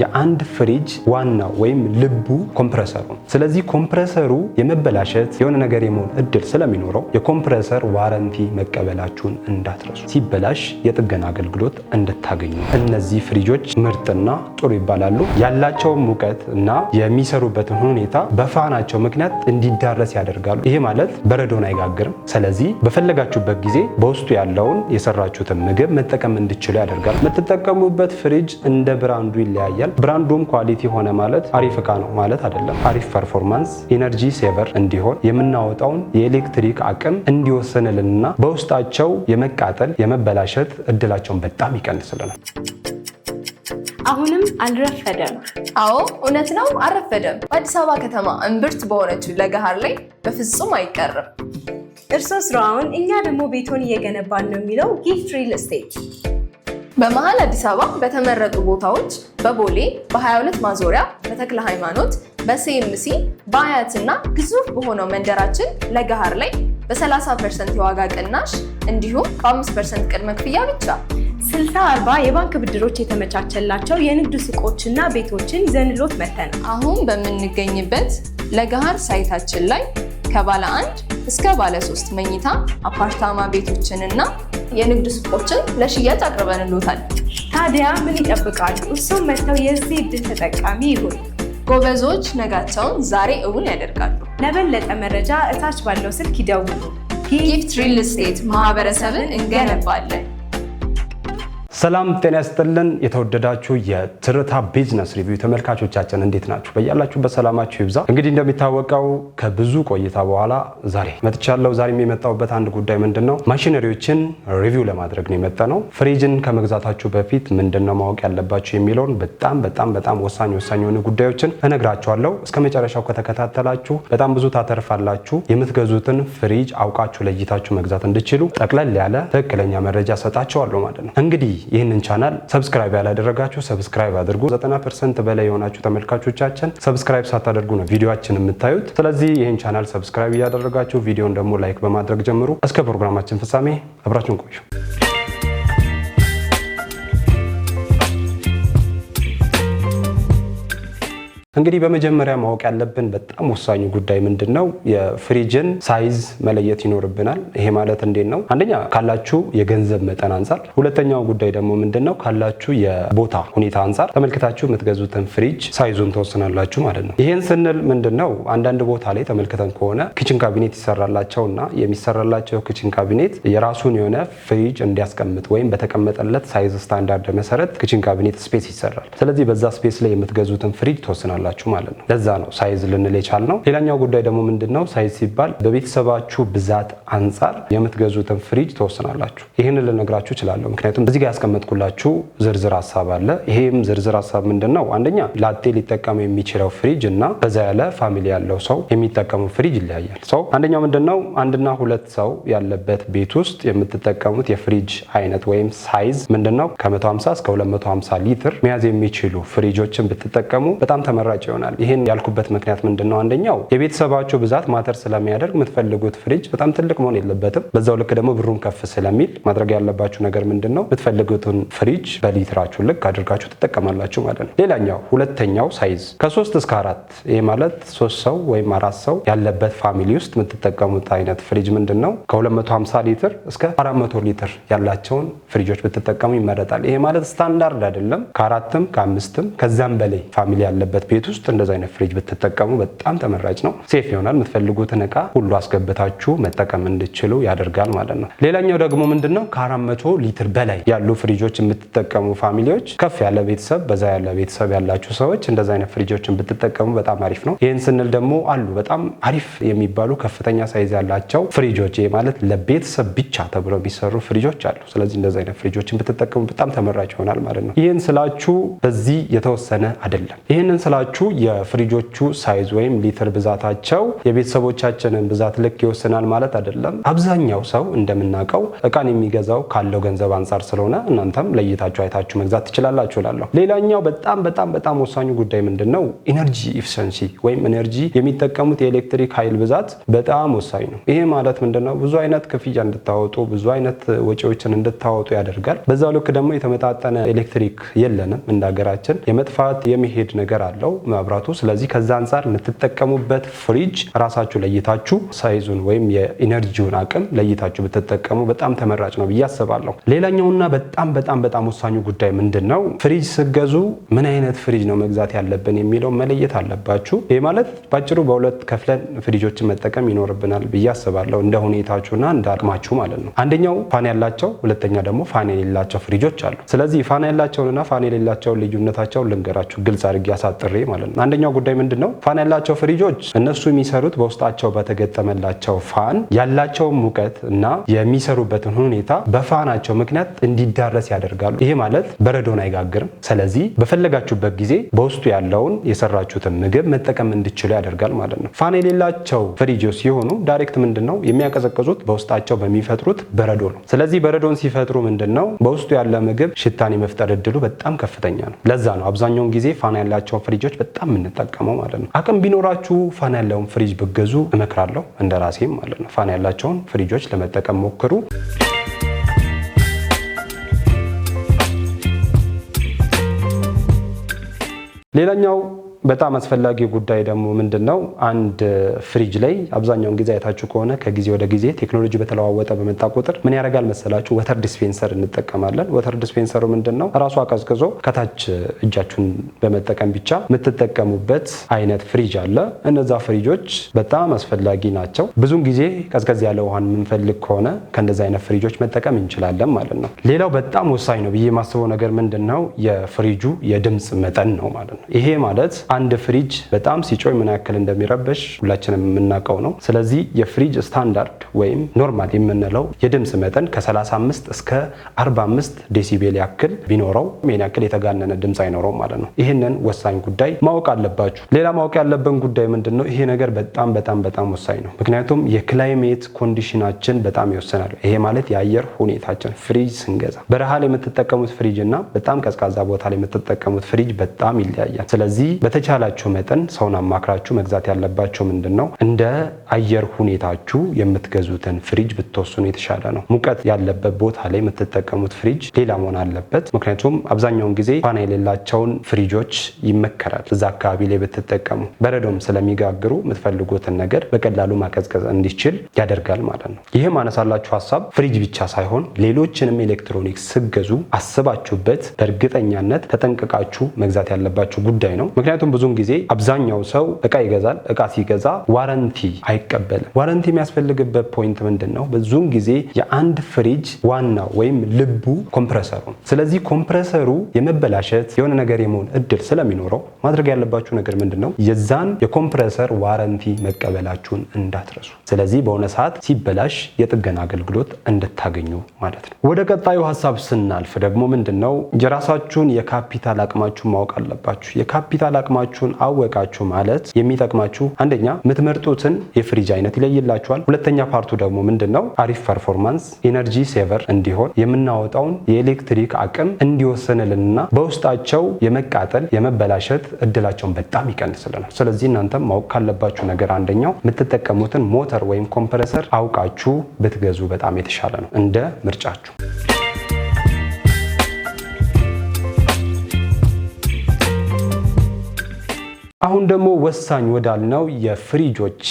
የአንድ ፍሪጅ ዋናው ወይም ልቡ ኮምፕረሰሩ ነው። ስለዚህ ኮምፕረሰሩ የመበላሸት የሆነ ነገር የመሆን እድል ስለሚኖረው የኮምፕረሰር ዋረንቲ መቀበላችሁን እንዳትረሱ፣ ሲበላሽ የጥገና አገልግሎት እንድታገኙ። እነዚህ ፍሪጆች ምርጥና ጥሩ ይባላሉ። ያላቸውን ሙቀት እና የሚሰሩበትን ሁኔታ በፋናቸው ምክንያት እንዲዳረስ ያደርጋሉ። ይሄ ማለት በረዶን አይጋግርም። ስለዚህ በፈለጋችሁበት ጊዜ በውስጡ ያለውን የሰራችሁትን ምግብ መጠቀም እንድችሉ ያደርጋል። የምትጠቀሙበት ፍሪጅ እንደ ብራንዱ ይለያያል። ይለያያል። ብራንዶም ኳሊቲ ሆነ ማለት አሪፍ እቃ ነው ማለት አይደለም። አሪፍ ፐርፎርማንስ፣ ኢነርጂ ሴቨር እንዲሆን የምናወጣውን የኤሌክትሪክ አቅም እንዲወሰንልንና በውስጣቸው የመቃጠል የመበላሸት እድላቸውን በጣም ይቀንስልናል። አሁንም አልረፈደም። አዎ እውነት ነው፣ አልረፈደም። በአዲስ አበባ ከተማ እምብርት በሆነችው ለገሃር ላይ በፍጹም አይቀርም። እርሶ ስራውን፣ እኛ ደግሞ ቤቶን እየገነባን ነው የሚለው ጊፍት ሪል ስቴት በመሀል አዲስ አበባ በተመረጡ ቦታዎች በቦሌ በ22 ማዞሪያ፣ በተክለ ሃይማኖት፣ በሲኤምሲ፣ በአያት እና ግዙፍ በሆነው መንደራችን ለገሃር ላይ በ30 ፐርሰንት የዋጋ ቅናሽ እንዲሁም በ5 ፐርሰንት ቅድመ ክፍያ ብቻ 60 40 የባንክ ብድሮች የተመቻቸላቸው የንግድ ሱቆችና ቤቶችን ይዘንሎት መተናል። አሁን በምንገኝበት ለገሃር ሳይታችን ላይ ከባለ አንድ እስከ ባለ ሶስት መኝታ አፓርታማ ቤቶችንና የንግድ ሱቆችን ለሽያጭ አቅርበንሎታል። ታዲያ ምን ይጠብቃሉ? እሱም መጥተው የዚህ ዕድል ተጠቃሚ ይሁን። ጎበዞች ነጋቸውን ዛሬ እውን ያደርጋሉ። ለበለጠ መረጃ እታች ባለው ስልክ ይደውሉ። ጊፍት ሪል ስቴት ማህበረሰብን እንገነባለን። ሰላም ጤና ያስጥልን። የተወደዳችሁ የትርታ ቢዝነስ ሪቪው ተመልካቾቻችን እንዴት ናችሁ? በያላችሁ በሰላማችሁ ይብዛ። እንግዲህ እንደሚታወቀው ከብዙ ቆይታ በኋላ ዛሬ መጥቻለሁ። ዛሬ የመጣሁበት አንድ ጉዳይ ምንድን ነው፣ ማሽነሪዎችን ሪቪው ለማድረግ ነው የመጣ ነው። ፍሪጅን ከመግዛታችሁ በፊት ምንድን ነው ማወቅ ያለባችሁ የሚለውን በጣም በጣም በጣም ወሳኝ ወሳኝ የሆኑ ጉዳዮችን እነግራችኋለሁ። እስከ መጨረሻው ከተከታተላችሁ በጣም ብዙ ታተርፋላችሁ። የምትገዙትን ፍሪጅ አውቃችሁ ለይታችሁ መግዛት እንድችሉ ጠቅለል ያለ ትክክለኛ መረጃ ሰጣችኋለሁ ማለት ነው እንግዲህ ይህንን ቻናል ሰብስክራይብ ያላደረጋችሁ ሰብስክራይብ አድርጉ። 90 ፐርሰንት በላይ የሆናችሁ ተመልካቾቻችን ሰብስክራይብ ሳታደርጉ ነው ቪዲዮችን የምታዩት። ስለዚህ ይህን ቻናል ሰብስክራይብ እያደረጋችሁ ቪዲዮን ደግሞ ላይክ በማድረግ ጀምሩ። እስከ ፕሮግራማችን ፍጻሜ አብራችሁን ቆዩ። እንግዲህ በመጀመሪያ ማወቅ ያለብን በጣም ወሳኙ ጉዳይ ምንድን ነው? የፍሪጅን ሳይዝ መለየት ይኖርብናል። ይሄ ማለት እንዴት ነው? አንደኛ ካላችሁ የገንዘብ መጠን አንጻር፣ ሁለተኛው ጉዳይ ደግሞ ምንድን ነው? ካላችሁ የቦታ ሁኔታ አንጻር ተመልክታችሁ የምትገዙትን ፍሪጅ ሳይዙን ተወስናላችሁ ማለት ነው። ይሄን ስንል ምንድን ነው? አንዳንድ ቦታ ላይ ተመልክተን ከሆነ ኪችን ካቢኔት ይሰራላቸው እና የሚሰራላቸው ኪችን ካቢኔት የራሱን የሆነ ፍሪጅ እንዲያስቀምጥ ወይም በተቀመጠለት ሳይዝ ስታንዳርድ መሰረት ኪችን ካቢኔት ስፔስ ይሰራል። ስለዚህ በዛ ስፔስ ላይ የምትገዙትን ፍሪጅ ተወስናል ትችላላችሁ ማለት ነው። ለዛ ነው ሳይዝ ልንል የቻል ነው። ሌላኛው ጉዳይ ደግሞ ምንድን ነው? ሳይዝ ሲባል በቤተሰባችሁ ብዛት አንጻር የምትገዙትን ፍሪጅ ትወስናላችሁ። ይህንን ልነግራችሁ እችላለሁ። ምክንያቱም እዚህ ጋር ያስቀመጥኩላችሁ ዝርዝር ሀሳብ አለ። ይሄም ዝርዝር ሀሳብ ምንድን ነው? አንደኛ ላጤ ሊጠቀሙ የሚችለው ፍሪጅ እና በዛ ያለ ፋሚሊ ያለው ሰው የሚጠቀመው ፍሪጅ ይለያያል። ሰው አንደኛው ምንድን ነው? አንድና ሁለት ሰው ያለበት ቤት ውስጥ የምትጠቀሙት የፍሪጅ አይነት ወይም ሳይዝ ምንድን ነው? ከ150 እስከ 250 ሊትር መያዝ የሚችሉ ፍሪጆችን ብትጠቀሙ በጣም ተመራ ተመራጭ ይሆናል። ይህን ያልኩበት ምክንያት ምንድን ነው? አንደኛው የቤተሰባቸው ብዛት ማተር ስለሚያደርግ የምትፈልጉት ፍሪጅ በጣም ትልቅ መሆን የለበትም። በዛው ልክ ደግሞ ብሩም ከፍ ስለሚል ማድረግ ያለባችሁ ነገር ምንድን ነው? የምትፈልጉትን ፍሪጅ በሊትራችሁ ልክ አድርጋችሁ ትጠቀማላችሁ ማለት ነው። ሌላኛው ሁለተኛው ሳይዝ ከሶስት እስከ አራት ይህ ማለት ሶስት ሰው ወይም አራት ሰው ያለበት ፋሚሊ ውስጥ የምትጠቀሙት አይነት ፍሪጅ ምንድን ነው? ከ250 ሊትር እስከ 400 ሊትር ያላቸውን ፍሪጆች ብትጠቀሙ ይመረጣል። ይሄ ማለት ስታንዳርድ አይደለም። ከአራትም ከአምስትም ከዛም በላይ ፋሚሊ ያለበት ቤት ቤት ውስጥ እንደዚ አይነት ፍሪጅ ብትጠቀሙ በጣም ተመራጭ ነው። ሴፍ ይሆናል። የምትፈልጉትን እቃ ሁሉ አስገብታችሁ መጠቀም እንድችሉ ያደርጋል ማለት ነው። ሌላኛው ደግሞ ምንድን ነው ከአራት መቶ ሊትር በላይ ያሉ ፍሪጆች የምትጠቀሙ ፋሚሊዎች፣ ከፍ ያለ ቤተሰብ፣ በዛ ያለ ቤተሰብ ያላችሁ ሰዎች እንደዚ አይነት ፍሪጆችን ብትጠቀሙ በጣም አሪፍ ነው። ይህን ስንል ደግሞ አሉ በጣም አሪፍ የሚባሉ ከፍተኛ ሳይዝ ያላቸው ፍሪጆች ማለት ለቤተሰብ ብቻ ተብሎ የሚሰሩ ፍሪጆች አሉ። ስለዚህ እንደዚ አይነት ፍሪጆችን ብትጠቀሙ በጣም ተመራጭ ይሆናል ማለት ነው። ይህን ስላችሁ በዚህ የተወሰነ አይደለም። ይህንን ስላችሁ እንዳልኳችሁ የፍሪጆቹ ሳይዝ ወይም ሊትር ብዛታቸው የቤተሰቦቻችንን ብዛት ልክ ይወስናል ማለት አይደለም። አብዛኛው ሰው እንደምናውቀው እቃን የሚገዛው ካለው ገንዘብ አንጻር ስለሆነ እናንተም ለይታችሁ አይታችሁ መግዛት ትችላላችሁ እላለሁ። ሌላኛው በጣም በጣም በጣም ወሳኙ ጉዳይ ምንድን ነው? ኢነርጂ ኢፍሸንሲ ወይም ኢነርጂ የሚጠቀሙት የኤሌክትሪክ ኃይል ብዛት በጣም ወሳኝ ነው። ይሄ ማለት ምንድን ነው? ብዙ አይነት ክፍያ እንድታወጡ ብዙ አይነት ወጪዎችን እንድታወጡ ያደርጋል። በዛ ልክ ደግሞ የተመጣጠነ ኤሌክትሪክ የለንም እንደ ሀገራችን የመጥፋት የመሄድ ነገር አለው። መብራቱ። ስለዚህ ከዛ አንጻር የምትጠቀሙበት ፍሪጅ ራሳችሁ ለይታችሁ ሳይዙን ወይም የኢነርጂውን አቅም ለይታችሁ ብትጠቀሙ በጣም ተመራጭ ነው ብዬ አስባለሁ። ሌላኛውና በጣም በጣም በጣም ወሳኙ ጉዳይ ምንድን ነው? ፍሪጅ ስገዙ ምን አይነት ፍሪጅ ነው መግዛት ያለብን የሚለው መለየት አለባችሁ። ይህ ማለት ባጭሩ በሁለት ከፍለን ፍሪጆችን መጠቀም ይኖርብናል ብዬ አስባለሁ። እንደ ሁኔታችሁና እንደ አቅማችሁ ማለት ነው። አንደኛው ፋን ያላቸው፣ ሁለተኛ ደግሞ ፋን የሌላቸው ፍሪጆች አሉ። ስለዚህ ፋን ያላቸውንና ፋን የሌላቸውን ልዩነታቸውን ልንገራችሁ ግልጽ አድርጌ አሳጥሬ ማለት ነው። አንደኛው ጉዳይ ምንድን ነው? ፋን ያላቸው ፍሪጆች እነሱ የሚሰሩት በውስጣቸው በተገጠመላቸው ፋን ያላቸውን ሙቀት እና የሚሰሩበትን ሁኔታ በፋናቸው ምክንያት እንዲዳረስ ያደርጋሉ። ይሄ ማለት በረዶን አይጋግርም። ስለዚህ በፈለጋችሁበት ጊዜ በውስጡ ያለውን የሰራችሁትን ምግብ መጠቀም እንዲችሉ ያደርጋል ማለት ነው። ፋን የሌላቸው ፍሪጆች ሲሆኑ ዳይሬክት ምንድን ነው የሚያቀዘቅዙት በውስጣቸው በሚፈጥሩት በረዶ ነው። ስለዚህ በረዶን ሲፈጥሩ ምንድን ነው በውስጡ ያለ ምግብ ሽታን የመፍጠር እድሉ በጣም ከፍተኛ ነው። ለዛ ነው አብዛኛውን ጊዜ ፋን ያላቸውን ፍሪጆች ነገሮች በጣም የምንጠቀመው ማለት ነው። አቅም ቢኖራችሁ ፋን ያለውን ፍሪጅ ብገዙ እመክራለሁ፣ እንደ ራሴም ማለት ነው። ፋን ያላቸውን ፍሪጆች ለመጠቀም ሞክሩ። ሌላኛው በጣም አስፈላጊ ጉዳይ ደግሞ ምንድን ነው? አንድ ፍሪጅ ላይ አብዛኛውን ጊዜ አይታችሁ ከሆነ ከጊዜ ወደ ጊዜ ቴክኖሎጂ በተለዋወጠ በመጣ ቁጥር ምን ያደርጋል መሰላችሁ? ወተር ዲስፔንሰር እንጠቀማለን። ወተር ዲስፔንሰሩ ምንድን ነው? ራሱ አቀዝቅዞ ከታች እጃችሁን በመጠቀም ብቻ የምትጠቀሙበት አይነት ፍሪጅ አለ። እነዛ ፍሪጆች በጣም አስፈላጊ ናቸው። ብዙን ጊዜ ቀዝቀዝ ያለ ውሃን የምንፈልግ ከሆነ ከእንደዚ አይነት ፍሪጆች መጠቀም እንችላለን ማለት ነው። ሌላው በጣም ወሳኝ ነው ብዬ የማስበው ነገር ምንድን ነው? የፍሪጁ የድምፅ መጠን ነው ማለት ነው። ይሄ ማለት አንድ ፍሪጅ በጣም ሲጮይ ምን ያክል እንደሚረበሽ ሁላችንም የምናውቀው ነው። ስለዚህ የፍሪጅ ስታንዳርድ ወይም ኖርማል የምንለው የድምፅ መጠን ከ35 እስከ 45 ዴሲቤል ያክል ቢኖረው ይህን ያክል የተጋነነ ድምፅ አይኖረውም ማለት ነው። ይህንን ወሳኝ ጉዳይ ማወቅ አለባችሁ። ሌላ ማወቅ ያለብን ጉዳይ ምንድን ነው? ይሄ ነገር በጣም በጣም በጣም ወሳኝ ነው። ምክንያቱም የክላይሜት ኮንዲሽናችን በጣም ይወሰናል። ይሄ ማለት የአየር ሁኔታችን ፍሪጅ ስንገዛ በረሃ ላይ የምትጠቀሙት ፍሪጅ እና በጣም ቀዝቃዛ ቦታ ላይ የምትጠቀሙት ፍሪጅ በጣም ይለያያል። ስለዚህ በተቻላችሁ መጠን ሰውን አማክራችሁ መግዛት ያለባችሁ ምንድን ነው፣ እንደ አየር ሁኔታችሁ የምትገዙትን ፍሪጅ ብትወስኑ የተሻለ ነው። ሙቀት ያለበት ቦታ ላይ የምትጠቀሙት ፍሪጅ ሌላ መሆን አለበት። ምክንያቱም አብዛኛውን ጊዜ ኳና የሌላቸውን ፍሪጆች ይመከራል። እዛ አካባቢ ላይ ብትጠቀሙ በረዶም ስለሚጋግሩ የምትፈልጉትን ነገር በቀላሉ ማቀዝቀዝ እንዲችል ያደርጋል ማለት ነው። ይህም አነሳላችሁ ሀሳብ ፍሪጅ ብቻ ሳይሆን ሌሎችንም ኤሌክትሮኒክስ ስገዙ አስባችሁበት በእርግጠኛነት ተጠንቅቃችሁ መግዛት ያለባችሁ ጉዳይ ነው። ምክንያቱም ብዙውን ጊዜ አብዛኛው ሰው እቃ ይገዛል። እቃ ሲገዛ ዋረንቲ አይቀበልም። ዋረንቲ የሚያስፈልግበት ፖይንት ምንድን ነው? ብዙውን ጊዜ የአንድ ፍሪጅ ዋናው ወይም ልቡ ኮምፕረሰሩ። ስለዚህ ኮምፕረሰሩ የመበላሸት የሆነ ነገር የመሆን እድል ስለሚኖረው ማድረግ ያለባችሁ ነገር ምንድን ነው? የዛን የኮምፕረሰር ዋረንቲ መቀበላችሁን እንዳትረሱ። ስለዚህ በሆነ ሰዓት ሲበላሽ የጥገና አገልግሎት እንድታገኙ ማለት ነው። ወደ ቀጣዩ ሀሳብ ስናልፍ ደግሞ ምንድን ነው? የራሳችሁን የካፒታል አቅማችሁን ማወቅ አለባችሁ። የካፒታል አቅማ ጥቅማችሁን አወቃችሁ ማለት የሚጠቅማችሁ አንደኛ የምትመርጡትን የፍሪጅ አይነት ይለይላችኋል። ሁለተኛ ፓርቱ ደግሞ ምንድን ነው አሪፍ ፐርፎርማንስ ኢነርጂ ሴቨር እንዲሆን የምናወጣውን የኤሌክትሪክ አቅም እንዲወሰንልንና በውስጣቸው የመቃጠል የመበላሸት እድላቸውን በጣም ይቀንስልናል። ስለዚህ እናንተም ማወቅ ካለባችሁ ነገር አንደኛው የምትጠቀሙትን ሞተር ወይም ኮምፕረሰር አውቃችሁ ብትገዙ በጣም የተሻለ ነው እንደ ምርጫችሁ። አሁን ደግሞ ወሳኝ ወዳልነው የፍሪጆች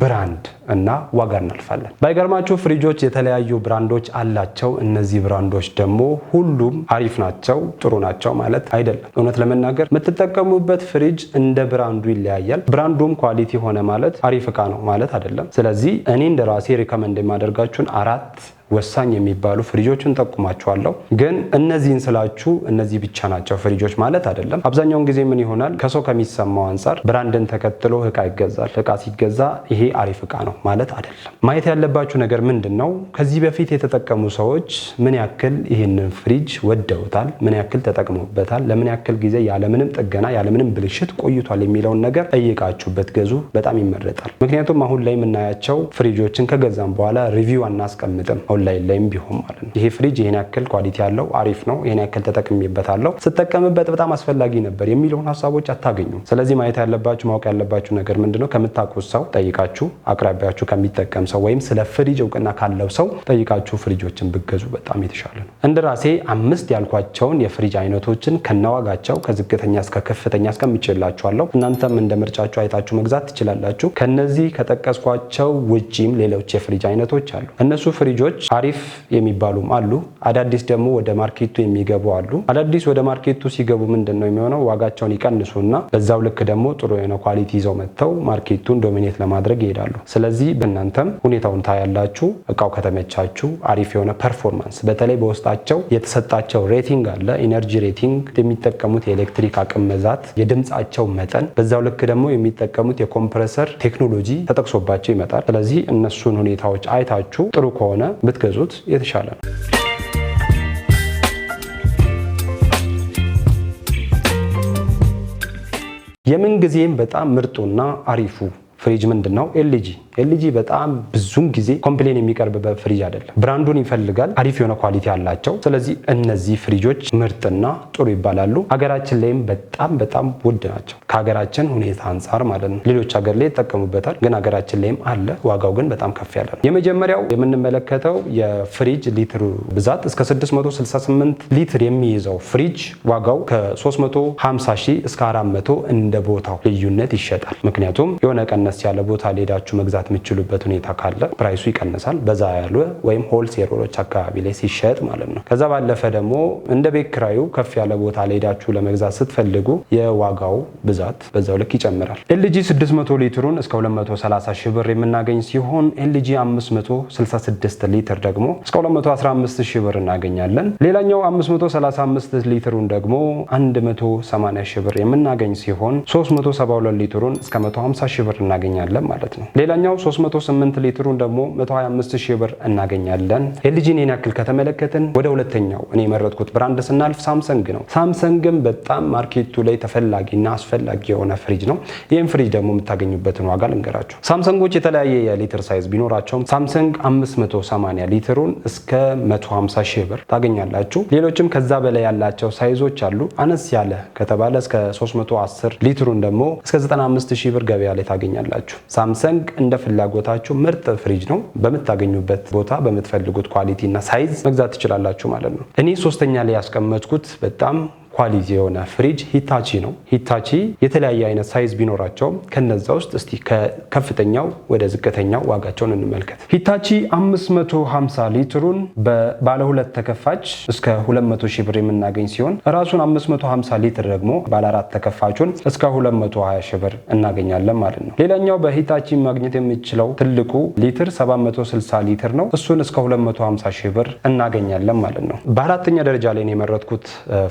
ብራንድ እና ዋጋ እናልፋለን። ባይገርማችሁ ፍሪጆች የተለያዩ ብራንዶች አላቸው። እነዚህ ብራንዶች ደግሞ ሁሉም አሪፍ ናቸው፣ ጥሩ ናቸው ማለት አይደለም። እውነት ለመናገር የምትጠቀሙበት ፍሪጅ እንደ ብራንዱ ይለያያል። ብራንዱም ኳሊቲ ሆነ ማለት አሪፍ እቃ ነው ማለት አይደለም። ስለዚህ እኔ እንደ ራሴ ሪከመንድ የማደርጋችሁን አራት ወሳኝ የሚባሉ ፍሪጆችን ጠቁማችኋለሁ። ግን እነዚህን ስላችሁ እነዚህ ብቻ ናቸው ፍሪጆች ማለት አይደለም። አብዛኛውን ጊዜ ምን ይሆናል ከሰው ከሚሰማው አንጻር ብራንድን ተከትሎ እቃ ይገዛል። እቃ ሲገዛ ይሄ አሪፍ እቃ ነው ማለት አይደለም። ማየት ያለባችሁ ነገር ምንድን ነው? ከዚህ በፊት የተጠቀሙ ሰዎች ምን ያክል ይህንን ፍሪጅ ወደውታል፣ ምን ያክል ተጠቅመውበታል፣ ለምን ያክል ጊዜ ያለምንም ጥገና ያለምንም ብልሽት ቆይቷል የሚለውን ነገር ጠይቃችሁበት ገዙ። በጣም ይመረጣል። ምክንያቱም አሁን ላይ የምናያቸው ፍሪጆችን ከገዛም በኋላ ሪቪው አናስቀምጥም ኦንላይን ላይም ቢሆን ማለት ነው። ይሄ ፍሪጅ ይሄን ያክል ኳሊቲ ያለው አሪፍ ነው፣ ይሄን ያክል ተጠቅሜበታለሁ፣ ስጠቀምበት በጣም አስፈላጊ ነበር የሚለውን ሀሳቦች አታገኙም። ስለዚህ ማየት ያለባችሁ ማወቅ ያለባችሁ ነገር ምንድነው ከምታውቁት ሰው ጠይቃችሁ፣ አቅራቢያችሁ ከሚጠቀም ሰው ወይም ስለ ፍሪጅ እውቅና ካለው ሰው ጠይቃችሁ ፍሪጆችን ብገዙ በጣም የተሻለ ነው። እንደ ራሴ አምስት ያልኳቸውን የፍሪጅ አይነቶችን ከነዋጋቸው ከዝቅተኛ እስከ ከፍተኛ እስከምችላችኋለሁ እናንተም እንደ ምርጫችሁ አይታችሁ መግዛት ትችላላችሁ። ከነዚህ ከጠቀስኳቸው ውጪም ሌሎች የፍሪጅ አይነቶች አሉ። እነሱ ፍሪጆች አሪፍ የሚባሉም አሉ። አዳዲስ ደግሞ ወደ ማርኬቱ የሚገቡ አሉ። አዳዲስ ወደ ማርኬቱ ሲገቡ ምንድን ነው የሚሆነው? ዋጋቸውን እና በዛው ልክ ደግሞ ጥሩ የሆነ ኳሊቲ ይዘው መጥተው ማርኬቱን ዶሚኔት ለማድረግ ይሄዳሉ። ስለዚህ እናንተም ሁኔታውን ታያላችሁ። እቃው ከተመቻችሁ አሪፍ የሆነ ፐርፎርማንስ፣ በተለይ በውስጣቸው የተሰጣቸው ሬቲንግ አለ። ኢነርጂ ሬቲንግ፣ የሚጠቀሙት የኤሌክትሪክ አቅም መዛት፣ የድምፃቸው መጠን፣ በዛው ልክ ደግሞ የሚጠቀሙት የኮምፕረሰር ቴክኖሎጂ ተጠቅሶባቸው ይመጣል። ስለዚህ እነሱን ሁኔታዎች አይታችሁ ጥሩ ከሆነ ብትገዙት የተሻለ ነው። የምንጊዜም በጣም ምርጡና አሪፉ ፍሪጅ ምንድን ነው? ኤልጂ ኤልጂ በጣም ብዙን ጊዜ ኮምፕሌን የሚቀርብበት ፍሪጅ አይደለም። ብራንዱን ይፈልጋል፣ አሪፍ የሆነ ኳሊቲ አላቸው። ስለዚህ እነዚህ ፍሪጆች ምርጥና ጥሩ ይባላሉ። ሀገራችን ላይም በጣም በጣም ውድ ናቸው፣ ከሀገራችን ሁኔታ አንጻር ማለት ነው። ሌሎች ሀገር ላይ ይጠቀሙበታል፣ ግን ሀገራችን ላይም አለ። ዋጋው ግን በጣም ከፍ ያለ ነው። የመጀመሪያው የምንመለከተው የፍሪጅ ሊትሩ ብዛት እስከ 668 ሊትር የሚይዘው ፍሪጅ ዋጋው ከ350 ሺህ እስከ 400 እንደ ቦታው ልዩነት ይሸጣል። ምክንያቱም የሆነ ቀነ ቀነስ ያለ ቦታ ሌዳችሁ መግዛት የምችሉበት ሁኔታ ካለ ፕራይሱ ይቀንሳል። በዛ ያሉ ወይም ሆልሴለሮች አካባቢ ላይ ሲሸጥ ማለት ነው። ከዛ ባለፈ ደግሞ እንደ ቤት ክራዩ ከፍ ያለ ቦታ ሌዳችሁ ለመግዛት ስትፈልጉ የዋጋው ብዛት በዛው ልክ ይጨምራል። ኤልጂ 600 ሊትሩን እስከ 230 ሺህ ብር የምናገኝ ሲሆን ኤልጂ 566 ሊትር ደግሞ እስከ 215 ሺህ ብር እናገኛለን። ሌላኛው 535 ሊትሩን ደግሞ 180 ሺህ ብር የምናገኝ ሲሆን 372 ሊትሩን እስከ 150 ሺህ ብር እናገኛለን ማለት ነው። ሌላኛው 308 ሊትሩን ደግሞ 125 ሺህ ብር እናገኛለን። ኤልጂን ያክል ከተመለከትን ወደ ሁለተኛው እኔ የመረጥኩት ብራንድ ስናልፍ ሳምሰንግ ነው። ሳምሰንግም በጣም ማርኬቱ ላይ ተፈላጊና አስፈላጊ የሆነ ፍሪጅ ነው። ይህም ፍሪጅ ደግሞ የምታገኙበትን ዋጋ ልንገራችሁ። ሳምሰንጎች የተለያየ የሊትር ሳይዝ ቢኖራቸውም ሳምሰንግ 580 ሊትሩን እስከ 150 ሺህ ብር ታገኛላችሁ። ሌሎችም ከዛ በላይ ያላቸው ሳይዞች አሉ። አነስ ያለ ከተባለ እስከ 310 ሊትሩን ደግሞ እስከ 95 ሺህ ብር ገበያ ላይ ታገኛል ትችላላችሁ። ሳምሰንግ እንደ ፍላጎታችሁ ምርጥ ፍሪጅ ነው። በምታገኙበት ቦታ በምትፈልጉት ኳሊቲ እና ሳይዝ መግዛት ትችላላችሁ ማለት ነው። እኔ ሶስተኛ ላይ ያስቀመጥኩት በጣም ኳሊቲ የሆነ ፍሪጅ ሂታቺ ነው። ሂታቺ የተለያየ አይነት ሳይዝ ቢኖራቸውም ከነዛ ውስጥ እስቲ ከከፍተኛው ወደ ዝቅተኛው ዋጋቸውን እንመልከት። ሂታቺ 550 ሊትሩን ባለ ሁለት ተከፋች እስከ 200 ሺህ ብር የምናገኝ ሲሆን ራሱን 550 ሊትር ደግሞ ባለ አራት ተከፋቹን እስከ 220 ሺህ ብር እናገኛለን ማለት ነው። ሌላኛው በሂታቺ ማግኘት የምችለው ትልቁ ሊትር 760 ሊትር ነው። እሱን እስከ 250 ሺህ ብር እናገኛለን ማለት ነው። በአራተኛ ደረጃ ላይ የመረጥኩት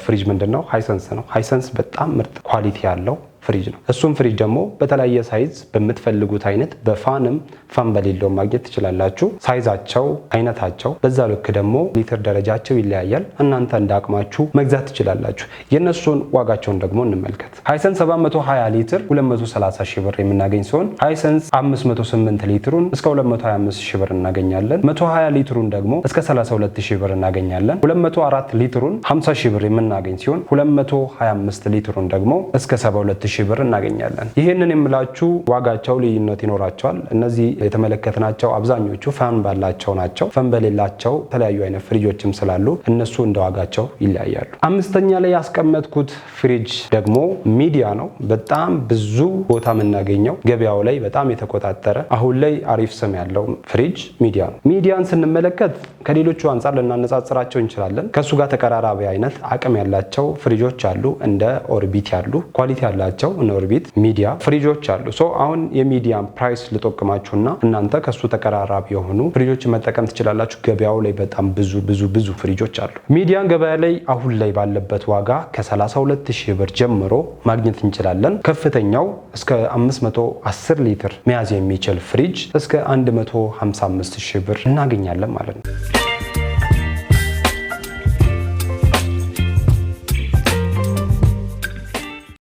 ፍሪጅ ምንድን ነው? ነው ሃይሰንስ ነው። ሃይሰንስ በጣም ምርጥ ኳሊቲ ያለው ፍሪጅ ነው። እሱም ፍሪጅ ደግሞ በተለያየ ሳይዝ በምትፈልጉት አይነት በፋንም ፋን በሌለው ማግኘት ትችላላችሁ። ሳይዛቸው፣ አይነታቸው በዛ ልክ ደግሞ ሊትር ደረጃቸው ይለያያል። እናንተ እንደ አቅማችሁ መግዛት ትችላላችሁ። የእነሱን ዋጋቸውን ደግሞ እንመልከት። ሃይሰንስ 720 ሊትር 230 ሺህ ብር የምናገኝ ሲሆን ሃይሰንስ 508 ሊትሩን እስከ 225 ሺህ ብር እናገኛለን። 120 ሊትሩን ደግሞ እስከ 32 ሺህ ብር እናገኛለን። 204 ሊትሩን 50 ሺህ ብር የምናገኝ ሲሆን 225 ሊትሩን ደግሞ እስከ 72 ሺህ ብር እናገኛለን። ይህንን የምላችሁ ዋጋቸው ልዩነት ይኖራቸዋል። እነዚህ የተመለከትናቸው አብዛኞቹ ፈን ባላቸው ናቸው። ፈን በሌላቸው የተለያዩ አይነት ፍሪጆችም ስላሉ እነሱ እንደ ዋጋቸው ይለያያሉ። አምስተኛ ላይ ያስቀመጥኩት ፍሪጅ ደግሞ ሚዲያ ነው። በጣም ብዙ ቦታ የምናገኘው ገበያው ላይ በጣም የተቆጣጠረ አሁን ላይ አሪፍ ስም ያለው ፍሪጅ ሚዲያ ነው። ሚዲያን ስንመለከት ከሌሎቹ አንጻር ልናነጻጽራቸው እንችላለን። ከእሱ ጋር ተቀራራቢ አይነት አቅም ያላቸው ፍሪጆች አሉ። እንደ ኦርቢት ያሉ ኳሊቲ ያላቸው ያላቸው ኖርቢት ሚዲያ ፍሪጆች አሉ። ሶ አሁን የሚዲያ ፕራይስ ልጠቅማችሁና እናንተ ከሱ ተቀራራቢ የሆኑ ፍሪጆችን መጠቀም ትችላላችሁ። ገበያው ላይ በጣም ብዙ ብዙ ብዙ ፍሪጆች አሉ። ሚዲያን ገበያ ላይ አሁን ላይ ባለበት ዋጋ ከ32 ሺህ ብር ጀምሮ ማግኘት እንችላለን። ከፍተኛው እስከ 510 ሊትር መያዝ የሚችል ፍሪጅ እስከ 155000 ብር እናገኛለን ማለት ነው።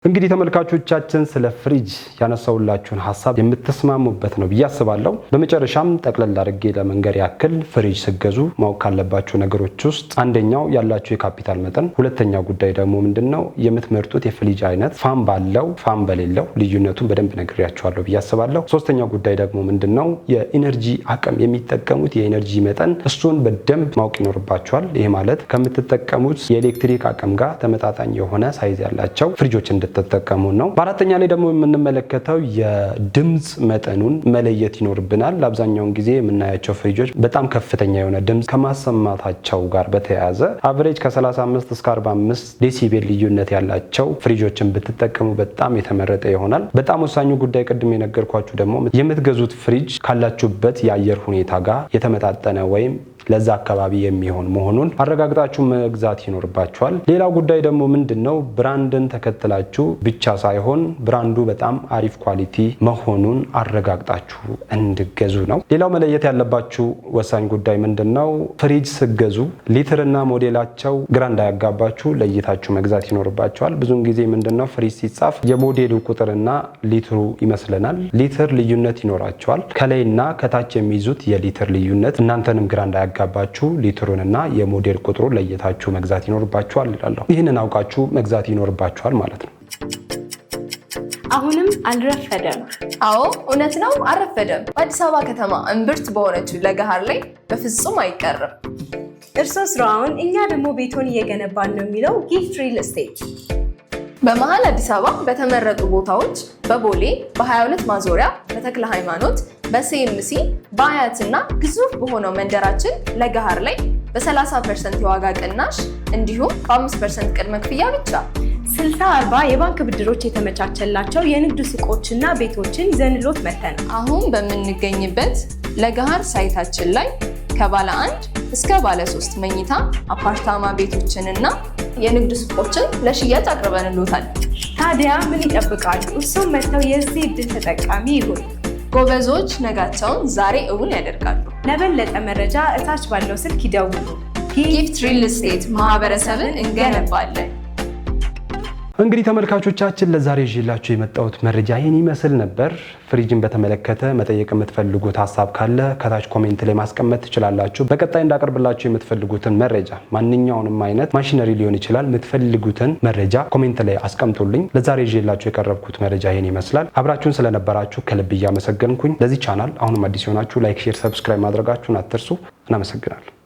እንግዲህ ተመልካቾቻችን ስለ ፍሪጅ ያነሳውላችሁን ሀሳብ የምትስማሙበት ነው ብዬ አስባለሁ። በመጨረሻም ጠቅለል አድርጌ ለመንገር ያክል ፍሪጅ ስገዙ ማወቅ ካለባችሁ ነገሮች ውስጥ አንደኛው ያላችሁ የካፒታል መጠን፣ ሁለተኛው ጉዳይ ደግሞ ምንድን ነው የምትመርጡት የፍሪጅ አይነት፣ ፋን ባለው ፋን በሌለው ልዩነቱን በደንብ ነግሬያችኋለሁ ብዬ አስባለሁ። ሶስተኛው ጉዳይ ደግሞ ምንድን ነው የኢነርጂ አቅም የሚጠቀሙት የኢነርጂ መጠን፣ እሱን በደንብ ማወቅ ይኖርባችኋል። ይህ ማለት ከምትጠቀሙት የኤሌክትሪክ አቅም ጋር ተመጣጣኝ የሆነ ሳይዝ ያላቸው ፍሪጆች እንድ እንድትጠቀሙ ነው። በአራተኛ ላይ ደግሞ የምንመለከተው የድምፅ መጠኑን መለየት ይኖርብናል። አብዛኛውን ጊዜ የምናያቸው ፍሪጆች በጣም ከፍተኛ የሆነ ድምፅ ከማሰማታቸው ጋር በተያያዘ አቨሬጅ ከ35 እስከ 45 ዴሲቤል ልዩነት ያላቸው ፍሪጆችን ብትጠቀሙ በጣም የተመረጠ ይሆናል። በጣም ወሳኙ ጉዳይ ቅድም የነገርኳችሁ ደግሞ የምትገዙት ፍሪጅ ካላችሁበት የአየር ሁኔታ ጋር የተመጣጠነ ወይም ለዛ አካባቢ የሚሆን መሆኑን አረጋግጣችሁ መግዛት ይኖርባችኋል። ሌላው ጉዳይ ደግሞ ምንድን ነው ብራንድን ተከትላችሁ ብቻ ሳይሆን ብራንዱ በጣም አሪፍ ኳሊቲ መሆኑን አረጋግጣችሁ እንድገዙ ነው። ሌላው መለየት ያለባችሁ ወሳኝ ጉዳይ ምንድን ነው? ፍሪጅ ስገዙ ሊትርና ሞዴላቸው ግራ እንዳያጋባችሁ ለይታችሁ መግዛት ይኖርባችኋል። ብዙን ጊዜ ምንድን ነው ፍሪጅ ሲጻፍ የሞዴሉ ቁጥርና ሊትሩ ይመስለናል። ሊትር ልዩነት ይኖራቸዋል። ከላይና ከታች የሚይዙት የሊትር ልዩነት እናንተንም ግራ እንዳያጋ ካጋባችሁ ሊትሩንና የሞዴል ቁጥሩን ለየታችሁ መግዛት ይኖርባችኋል ይላለሁ። ይህንን አውቃችሁ መግዛት ይኖርባችኋል ማለት ነው። አሁንም አልረፈደም። አዎ እውነት ነው፣ አልረፈደም። በአዲስ አበባ ከተማ እምብርት በሆነችው ለገሃር ላይ በፍጹም አይቀርም። እርሶ ስራውን፣ እኛ ደግሞ ቤቶን እየገነባን ነው የሚለው ጊፍት ሪል ስቴት በመሀል አዲስ አበባ በተመረጡ ቦታዎች በቦሌ በ22 ማዞሪያ፣ በተክለ ሃይማኖት፣ በሲኤምሲ፣ በአያት እና ግዙፍ በሆነው መንደራችን ለገሃር ላይ በ30 ፐርሰንት የዋጋ ቅናሽ እንዲሁም በ5 ፐርሰንት ቅድመ ክፍያ ብቻ 60 40 የባንክ ብድሮች የተመቻቸላቸው የንግድ ሱቆችና ቤቶችን ዘንሎት መተን አሁን በምንገኝበት ለገሃር ሳይታችን ላይ ከባለ አንድ እስከ ባለ ሶስት መኝታ አፓርታማ ቤቶችንና የንግድ ሱቆችን ለሽያጭ አቅርበንልዎታል። ታዲያ ምን ይጠብቃሉ? እሱም መጥተው የዚህ ዕድል ተጠቃሚ ይሁን። ጎበዞች ነጋቸውን ዛሬ እውን ያደርጋሉ። ለበለጠ መረጃ እታች ባለው ስልክ ይደውሉ። ጊፍት ሪል ስቴት ማህበረሰብን እንገነባለን። እንግዲህ ተመልካቾቻችን ለዛሬ ይዤላችሁ የመጣሁት መረጃ ይህን ይመስል ነበር። ፍሪጅን በተመለከተ መጠየቅ የምትፈልጉት ሀሳብ ካለ ከታች ኮሜንት ላይ ማስቀመጥ ትችላላችሁ። በቀጣይ እንዳቀርብላችሁ የምትፈልጉትን መረጃ ማንኛውንም አይነት ማሽነሪ ሊሆን ይችላል የምትፈልጉትን መረጃ ኮሜንት ላይ አስቀምጡልኝ። ለዛሬ ይዤላችሁ የቀረብኩት መረጃ ይህን ይመስላል። አብራችሁን ስለነበራችሁ ከልብ እያመሰገንኩኝ ለዚህ ቻናል አሁንም አዲስ የሆናችሁ ላይክ፣ ሼር፣ ሰብስክራይብ ማድረጋችሁን አትርሱ። እናመሰግናለሁ።